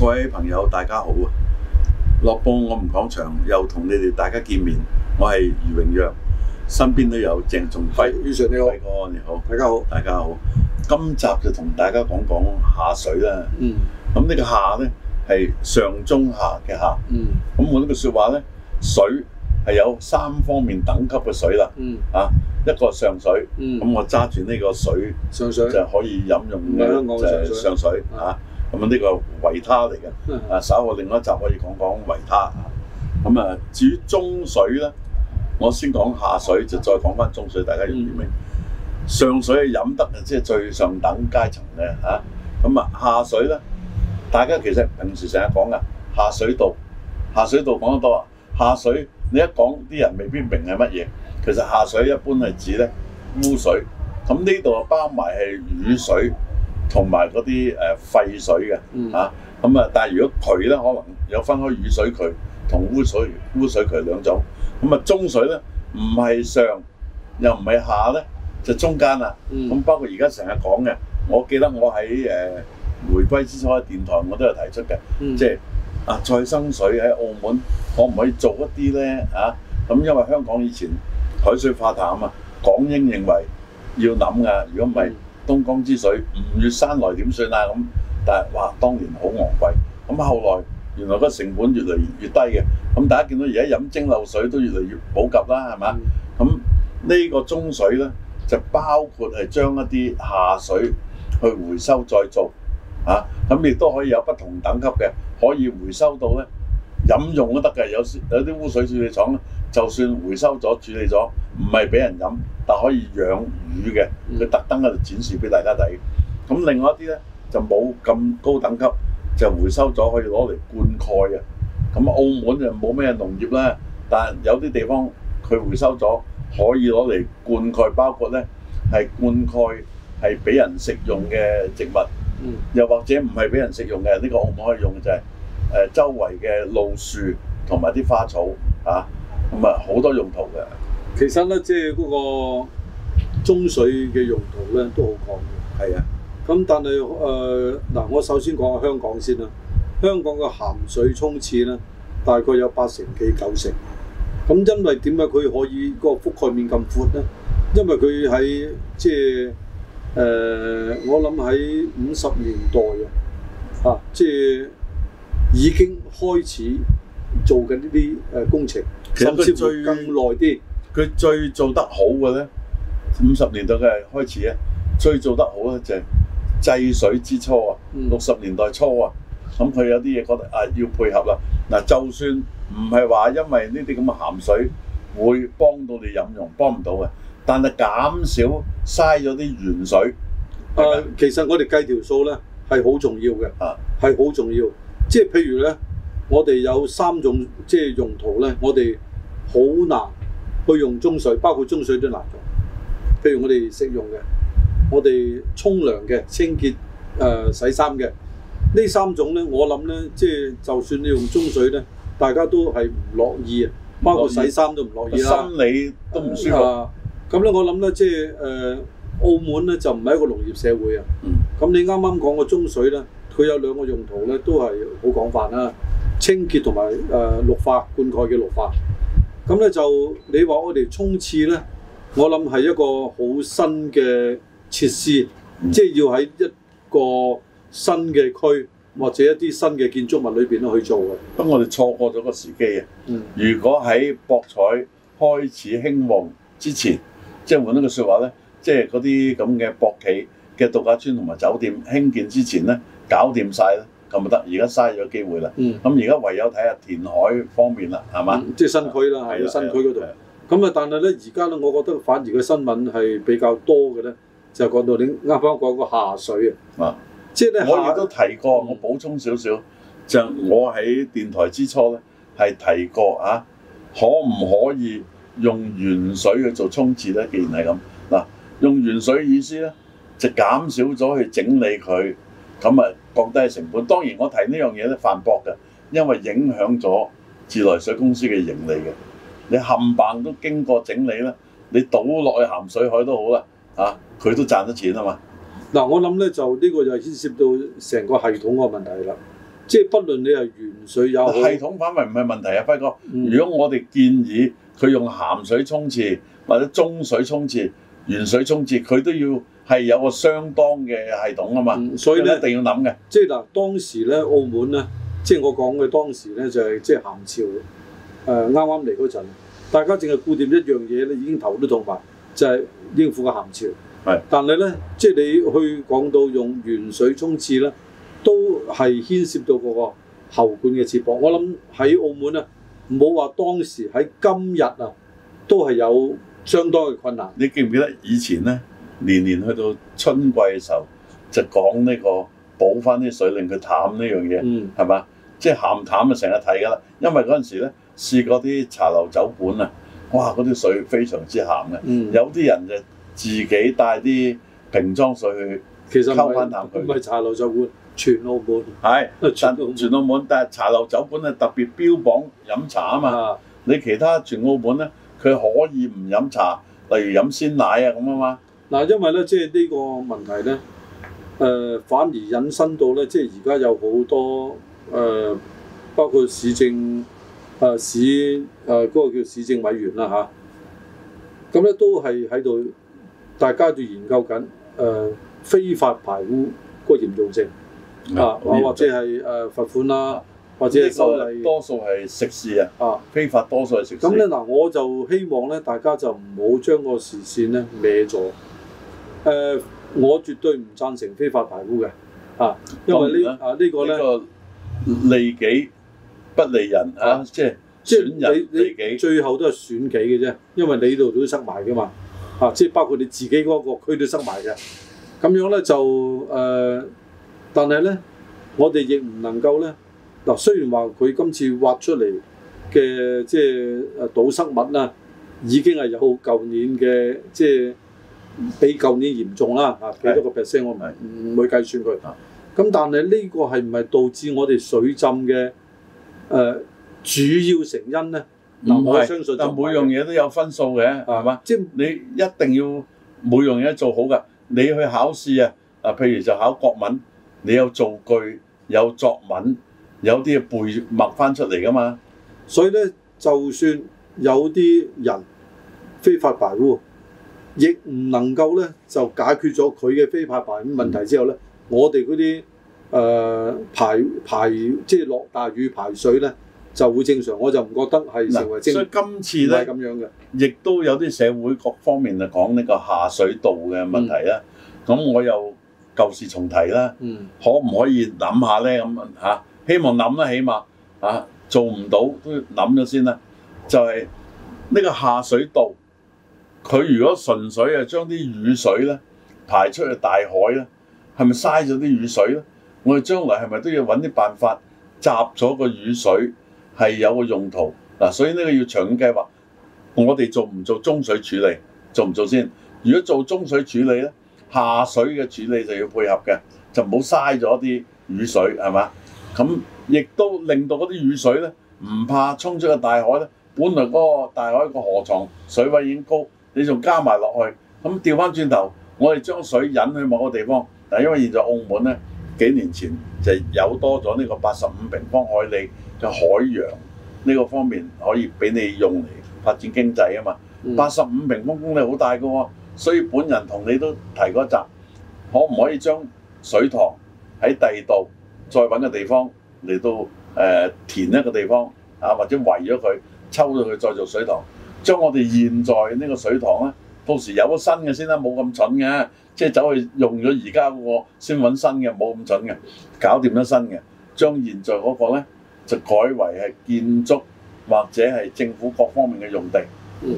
各位朋友，大家好啊！樂報我哋講場，又同你哋大家見面，我係余榮約，身邊都有鄭仲輝，余常你好，你好，大家好，大家好。今集就同大家講講下水啦。嗯。咁呢個下咧係上中下嘅下。嗯。咁我呢句説話咧，水係有三方面等級嘅水啦。嗯。啊，一個上水。嗯。咁我揸住呢個水，上水就可以飲用嘅，就係、是、上水啊。咁、這、呢個維他嚟嘅，啊，稍後另外一集可以講講維他啊。咁啊，至於中水咧，我先講下水，就再講翻中水，大家要點明。上水飲得嘅，即、就、係、是、最上等階層嘅嚇。咁啊，下水咧，大家其實平時成日講噶下水道，下水道講得多啊。下水你一講啲人未必明係乜嘢，其實下水一般係指咧污水，咁呢度包埋係雨水。同埋嗰啲誒廢水嘅嚇，咁、嗯、啊，但係如果渠咧，可能有分開雨水渠同污水污水渠兩種。咁、嗯、啊，中水咧，唔係上又唔係下咧，就中間啦。咁、嗯、包括而家成日講嘅，我記得我喺誒迴歸之初喺電台我都有提出嘅，即、嗯、係、就是、啊再生水喺澳門可唔可以做一啲咧嚇？咁、啊嗯、因為香港以前海水化淡啊嘛，港英認為要諗噶，如果唔係。東江之水，五月山來點算啊？咁，但係哇，當年好昂貴，咁後來原來個成本越嚟越低嘅，咁大家見到而家飲蒸餾水都越嚟越普及啦，係嘛？咁、嗯、呢、嗯呢個中水咧就包括係將一啲下水去回收再做，啊，咁亦都可以有不同等級嘅，可以回收到咧飲用都得嘅，有有啲污水處理廠咧，就算回收咗處理咗。唔係俾人飲，但可以養魚嘅，佢特登喺度展示俾大家睇。咁另外一啲咧就冇咁高等級，就回收咗可以攞嚟灌溉嘅。咁澳門就冇咩農業啦，但係有啲地方佢回收咗可以攞嚟灌溉，包括咧係灌溉係俾人食用嘅植物，又或者唔係俾人食用嘅呢個澳門可以用嘅，就係誒周圍嘅路樹同埋啲花草嚇，咁啊好多用途嘅。其實咧，即係嗰個中水嘅用途咧，都好廣嘅，係啊。咁、嗯、但係誒嗱，我首先講下香港先啦。香港嘅鹹水沖廁咧，大概有八成幾九成。咁因為點解佢可以個覆蓋面咁闊咧？因為佢喺即係誒，我諗喺五十年代啊，即係已經開始做緊呢啲工程，甚至乎更耐啲。佢最做得好嘅咧，五十年代嘅開始咧，最做得好咧就係制水之初啊，六十年代初啊，咁佢有啲嘢覺得啊要配合啦。嗱，就算唔係話因為呢啲咁嘅鹹水會幫到你飲用，幫唔到嘅，但係減少嘥咗啲原水。誒、啊，其實我哋計條數咧係好重要嘅，係、啊、好重要。即係譬如咧，我哋有三種即係用途咧，我哋好難，去用中水，包括中水都難用。譬如我哋食用嘅，我哋沖涼嘅、清潔、誒、呃、洗衫嘅呢三種咧，我諗咧，即、就、係、是、就算你用中水咧，大家都係唔樂意啊。包括洗衫都唔樂意啦、啊。心理都唔舒服咁咧、啊啊，我諗咧，即係誒澳門咧就唔係一個農業社會啊。咁、嗯、你啱啱講個中水咧，佢有兩個用途咧，都係好廣泛啦，清潔同埋誒綠化灌溉嘅綠化。咁咧就你話我哋沖廁咧，我諗係一個好新嘅設施，嗯、即係要喺一個新嘅區或者一啲新嘅建築物裏面咧去做嘅。咁我哋錯過咗個時機啊！如果喺博彩開始興旺之前，即係換一個説話咧，即係嗰啲咁嘅博企嘅度假村同埋酒店興建之前咧，搞掂晒咧。咁啊得，而家嘥咗機會啦。咁而家唯有睇下填海方面啦，係嘛？即、嗯、係、就是、新區啦，係啦，新區度。咁啊，但係咧，而家咧，我覺得反而個新聞係比較多嘅咧，就講到你啱啱講個下水啊。啊，即係咧，我亦都提過，我補充少少，就是、我喺電台之初咧，係提過啊，可唔可以用原水去做沖廁咧？既然係咁嗱，用原水意思咧，就減少咗去整理佢。咁啊，降低成本。當然我提呢樣嘢咧，反駁嘅，因為影響咗自來水公司嘅盈利嘅。你冚唪都經過整理啦，你倒落去鹹水海都好啦，佢、啊、都賺得錢啊嘛。嗱，我諗咧就呢、呢個就牽涉到成個系統嘅問題啦。即係不論你係原水又好，系統範圍唔係問題啊。不過、嗯、如果我哋建議佢用鹹水沖廁或者中水沖廁、原水沖廁，佢都要。係有個相當嘅系統啊嘛，所以咧一定要諗嘅。即係嗱，當時咧澳門咧，即係我講嘅當時咧就係即係鹹潮，誒啱啱嚟嗰陣，大家淨係顧掂一樣嘢咧，已經頭都痛埋，就係、是、應付個鹹潮。係。但係咧，即係你去講到用原水沖廁咧，都係牽涉到個喉管嘅設防。我諗喺澳門咧，唔好話當時喺今日啊，都係有相當嘅困難。你記唔記得以前咧？年年去到春季嘅時候，就講呢個補翻啲水令佢淡呢樣嘢，係、嗯、嘛？即係鹹淡就成日睇㗎啦。因為嗰陣時咧試過啲茶樓酒館啊，哇！嗰啲水非常之鹹嘅、嗯。有啲人就自己帶啲瓶裝水去其實溝翻淡佢。唔係茶樓酒館，全澳門係，但係全澳門但係茶樓酒館咧特別標榜飲茶嘛啊嘛。你其他全澳門咧，佢可以唔飲茶，例如飲鮮奶啊咁啊嘛。嗱，因為咧，即係呢個問題咧，誒、呃、反而引申到咧，即係而家有好多誒、呃，包括市政誒、呃、市誒嗰個叫市政委員啦吓，咁、啊、咧都係喺度，大家都研究緊誒、呃、非法排污嗰個嚴重性啊，或者係誒罰款啦、啊，或者係所謂多數係食肆啊，啊，非法多數係食肆。咁咧嗱，我就希望咧，大家就唔好將個視線咧歪咗。誒、呃，我絕對唔贊成非法排污嘅，啊，因為這啊、這個、呢啊呢、這個咧利己不利人啊，啊即係即係你你最後都係損己嘅啫，因為你度都塞埋㗎嘛，啊，即係包括你自己嗰個區都塞埋嘅，咁樣咧就誒、呃，但係咧，我哋亦唔能夠咧，嗱、啊，雖然話佢今次挖出嚟嘅即係誒堵塞物啦，已經係有舊年嘅即係。比舊年嚴重啦，嚇幾多個 percent 我唔係唔會計算佢。咁但係呢個係唔係導致我哋水浸嘅誒、呃、主要成因咧？我相信，但每樣嘢都有分數嘅，係嘛？即係你一定要每樣嘢做好㗎。你去考試啊？啊，譬如就考國文，你有造句，有作文，有啲背默翻出嚟㗎嘛。所以咧，就算有啲人非法排污。亦唔能夠咧，就解決咗佢嘅非法排污問題之後咧、嗯，我哋嗰啲誒排排即係落大雨排水咧，就會正常。我就唔覺得係成為正，所以今次咧，亦都有啲社會各方面嚟講呢個下水道嘅問題啦。咁、嗯、我又舊事重提啦、嗯，可唔可以諗下咧？咁啊嚇，希望諗啦，起碼嚇做唔到都諗咗先啦。就係、是、呢個下水道。佢如果純粹係，將啲雨水咧排出去大海咧，係咪嘥咗啲雨水咧？我哋將來係咪都要揾啲辦法集咗個雨水係有個用途嗱、啊？所以呢個要長遠計劃。我哋做唔做中水處理？做唔做先？如果做中水處理咧，下水嘅處理就要配合嘅，就唔好嘥咗啲雨水係嘛？咁亦都令到嗰啲雨水咧唔怕沖出大個大海咧。本來嗰個大海個河床水位已經高，你仲加埋落去，咁調翻轉頭，我哋將水引去某個地方。嗱，因為現在澳門呢，幾年前就有多咗呢個八十五平方海里嘅海洋呢個方面可以俾你用嚟發展經濟啊嘛。八十五平方公里好大噶喎，所以本人同你都提過一集，可唔可以將水塘喺第二度再揾個地方嚟到誒填一個地方啊，或者圍咗佢抽咗佢再做水塘？將我哋現在呢個水塘呢，到時有咗新嘅先啦，冇咁蠢嘅，即係走去用咗而家嗰個先揾新嘅，冇咁蠢嘅，搞掂咗新嘅，將現在嗰個咧就改為係建築或者係政府各方面嘅用地。嗯，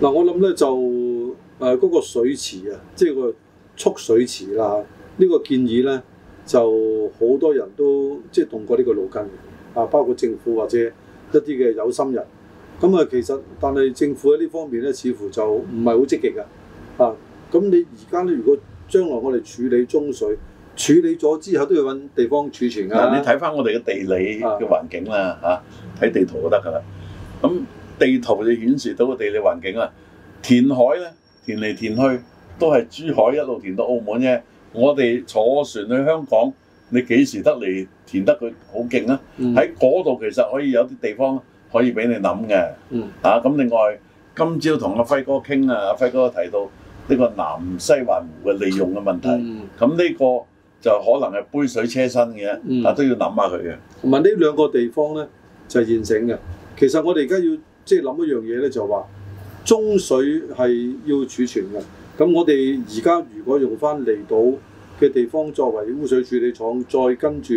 嗱，我諗呢就誒嗰個水池啊，即係個蓄水池啦，呢個建議呢，就好多人都即係動過呢個腦筋啊，包括政府或者一啲嘅有心人。咁啊，其實但係政府喺呢方面咧，似乎就唔係好積極㗎！啊，咁你而家咧，如果將來我哋處理中水，處理咗之後都要揾地方儲存㗎，啊。你睇翻我哋嘅地理嘅環境啦，嚇、啊，睇地圖都得㗎啦。咁地圖就顯示到個地理環境啦。填海咧，填嚟填去都係珠海一路填到澳門啫。我哋坐船去香港，你幾時得嚟填得佢好勁啊？喺嗰度其實可以有啲地方。可以俾你諗嘅、嗯，啊咁另外，今朝同阿輝哥傾啊，阿輝哥提到呢個南西環湖嘅利用嘅問題，咁、嗯、呢個就可能係杯水車薪嘅、嗯，但都要諗下佢嘅。同埋呢兩個地方咧就係、是、現成嘅。其實我哋而家要即係諗一樣嘢咧，就話、是就是、中水係要儲存嘅。咁我哋而家如果用翻離島嘅地方作為污水處理廠，再跟住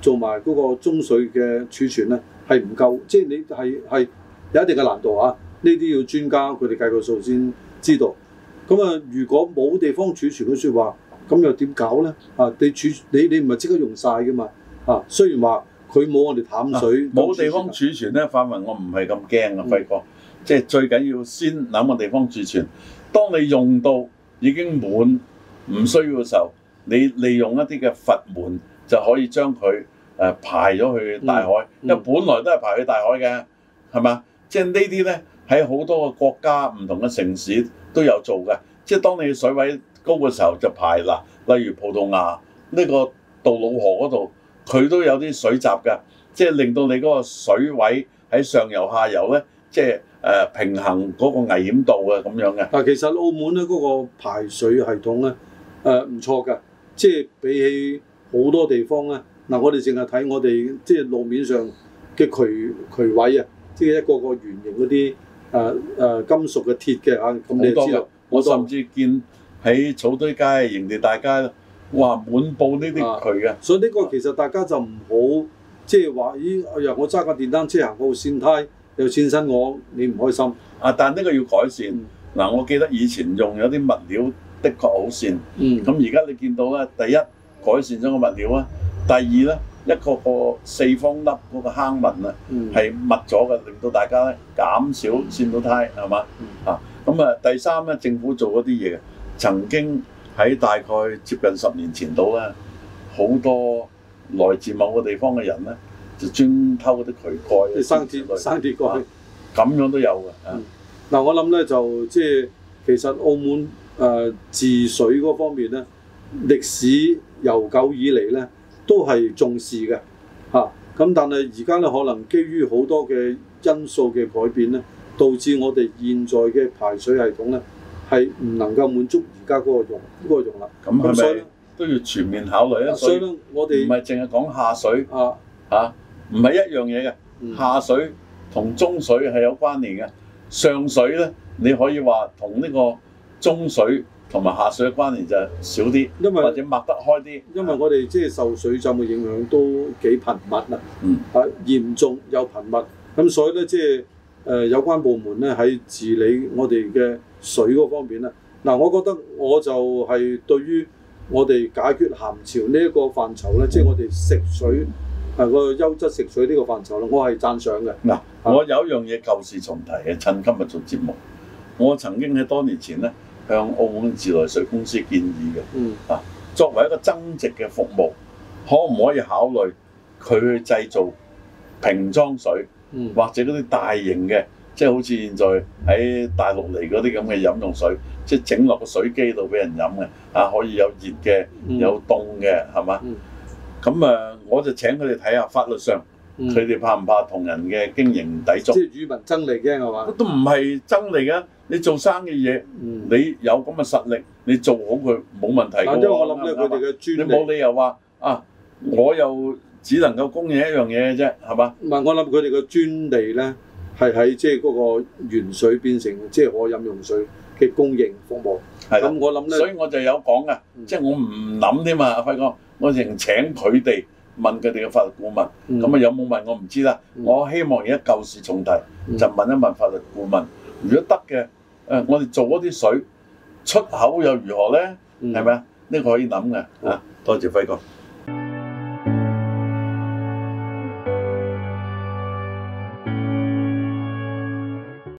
做埋嗰個中水嘅儲存咧。係唔夠，即係你係係有一定嘅難度啊！呢啲要專家佢哋計個數先知道。咁啊，如果冇地方儲存嘅説話，咁又點搞咧？啊，你儲你你唔係即刻用晒嘅嘛？啊，雖然話佢冇我哋淡水冇、啊、地方儲存咧，反而我唔係咁驚啊，輝哥。嗯、即係最緊要先諗個地方儲存。當你用到已經滿唔需要嘅時候，你利用一啲嘅閥門就可以將佢。誒排咗去大海，嗯嗯、因為本來都係排去大海嘅，係、嗯、嘛？即係、就是、呢啲咧喺好多個國家、唔同嘅城市都有做嘅。即、就、係、是、當你水位高嘅時候就排嗱，例如葡萄牙呢、這個杜魯河嗰度，佢都有啲水閘嘅，即、就、係、是、令到你嗰個水位喺上游下游咧，即係誒平衡嗰個危險度呀咁樣嘅。但其實澳門咧嗰個排水系統咧，誒唔錯㗎，即係、就是、比起好多地方咧。嗱、啊，我哋淨係睇我哋即係路面上嘅渠渠位啊，即係一個個圓形嗰啲誒誒金屬嘅鐵嘅嚇，好多嘅。我甚至見喺草堆街、營地大街啦，哇，滿布呢啲渠嘅、啊。所以呢個其實大家就唔好即係話咦，哎呀，我揸架電單車行嗰條線梯又跣親我，你唔開心啊？但呢個要改善。嗱、啊，我記得以前用有啲物料，的確好跣。嗯。咁而家你見到咧，第一改善咗個物料啊。第二咧，一個個四方粒嗰個坑紋啊、嗯、啊，係密咗嘅，令到大家咧減少跣到胎，係嘛啊？咁、嗯、啊，第三咧，政府做嗰啲嘢，曾經喺大概接近十年前到咧，好多來自某個地方嘅人咧，就專偷嗰啲渠蓋，生鐵蓋生鐵蓋咁樣都有嘅。嗱，我諗咧就即係其實澳門誒、呃、治水嗰方面咧，歷史悠久以嚟咧。都係重視嘅，嚇、啊、咁但係而家咧，可能基於好多嘅因素嘅改變咧，導致我哋現在嘅排水系統咧，係唔能夠滿足而家嗰個用嗰個用啦。咁係咪都要全面考慮啊、嗯？所以我哋唔係淨係講下水啊嚇，唔、啊、係一樣嘢嘅，下水同中水係有關聯嘅，上水咧，你可以話同呢個中水。同埋下水嘅關聯就少啲，因為或者擘得開啲。因為我哋即係受水浸嘅影響都幾頻密啊。嗯，係、啊、嚴重又頻密，咁所以咧即係誒有關部門咧喺治理我哋嘅水嗰方面咧，嗱、啊，我覺得我就係對於我哋解決鹹潮這範疇呢一個範疇咧，即、嗯、係、就是、我哋食水係個優質食水這個範疇呢個範疇咧，我係讚賞嘅。嗱、嗯啊，我有一樣嘢舊事重提嘅，趁今日做節目，我曾經喺多年前咧。向澳門自來水公司建議嘅，啊，作為一個增值嘅服務，可唔可以考慮佢去製造瓶裝水，或者嗰啲大型嘅，即係好似現在喺大陸嚟嗰啲咁嘅飲用水，即係整落個水機度俾人飲嘅，啊，可以有熱嘅，有凍嘅，係嘛？咁啊，我就請佢哋睇下法律上。佢、嗯、哋怕唔怕同人嘅經營抵觸？即係與民爭利嘅係嘛？都唔係爭利嘅，你做生意嘢、嗯，你有咁嘅實力，你做好佢冇問題嘅。因為我諗咧，佢哋嘅專利，你冇理由話啊！我又只能夠供應一樣嘢啫，係嘛？唔係，我諗佢哋嘅專利咧，係喺即係嗰個原水變成即係可飲用水嘅供應服務。咁我諗咧，所以我就有講嘅，即、就、係、是、我唔諗添嘛。阿、啊、輝哥，我成請佢哋，問佢哋嘅法律顧問，咁、嗯、啊有冇問我唔知啦、嗯。我希望而家舊事重提、嗯，就問一問法律顧問，如果得嘅，誒、呃、我哋做嗰啲水出口又如何咧？係咪啊？呢、這個可以諗嘅。啊，多謝輝哥。